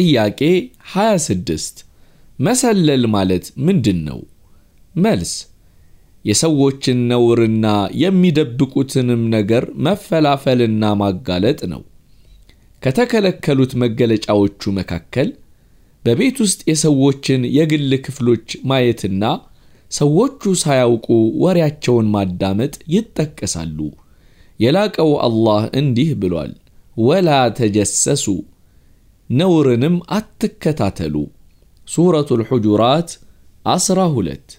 ጥያቄ 26 መሰለል ማለት ምንድን ነው? መልስ የሰዎችን ነውርና የሚደብቁትንም ነገር መፈላፈልና ማጋለጥ ነው። ከተከለከሉት መገለጫዎቹ መካከል በቤት ውስጥ የሰዎችን የግል ክፍሎች ማየትና ሰዎቹ ሳያውቁ ወሬያቸውን ማዳመጥ ይጠቀሳሉ። የላቀው አላህ እንዲህ ብሏል፣ ወላ ተጀሰሱ ነውርንም አትከታተሉ ሱረቱል ሑጁራት 12